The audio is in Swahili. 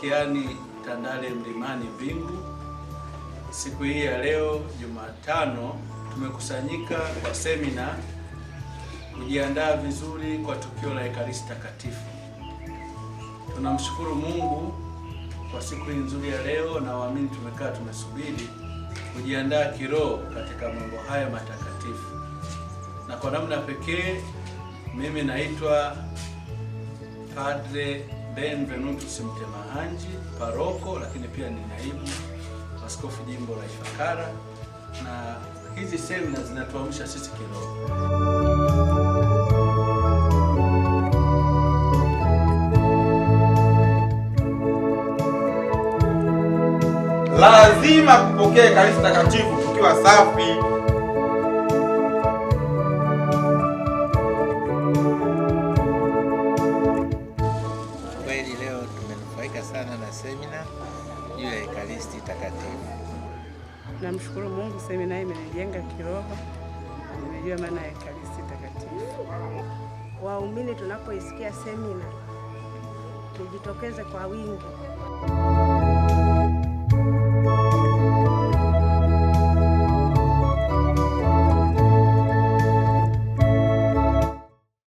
Kiani Tandale Mlimani mbingu Siku hii ya leo Jumatano tumekusanyika kwa semina kujiandaa vizuri kwa tukio la Ekaristi Takatifu. Tunamshukuru Mungu kwa siku hii nzuri ya leo, na waamini tumekaa tumesubiri kujiandaa kiroho katika mambo haya matakatifu, na kwa namna pekee mimi naitwa Padre Benvenutus Mtemahanji, paroko, lakini pia ni naibu askofu jimbo la Ifakara, na hizi semina zinatuamsha sisi kiroho. Lazima kupokea Ekaristi Takatifu tukiwa safi sana na semina juu ya Ekaristi Takatifu. Namshukuru Mungu, semina imenijenga kiroho, nimejua maana ya Ekaristi Takatifu. Waumini tunapoisikia semina tujitokeze kwa wingi.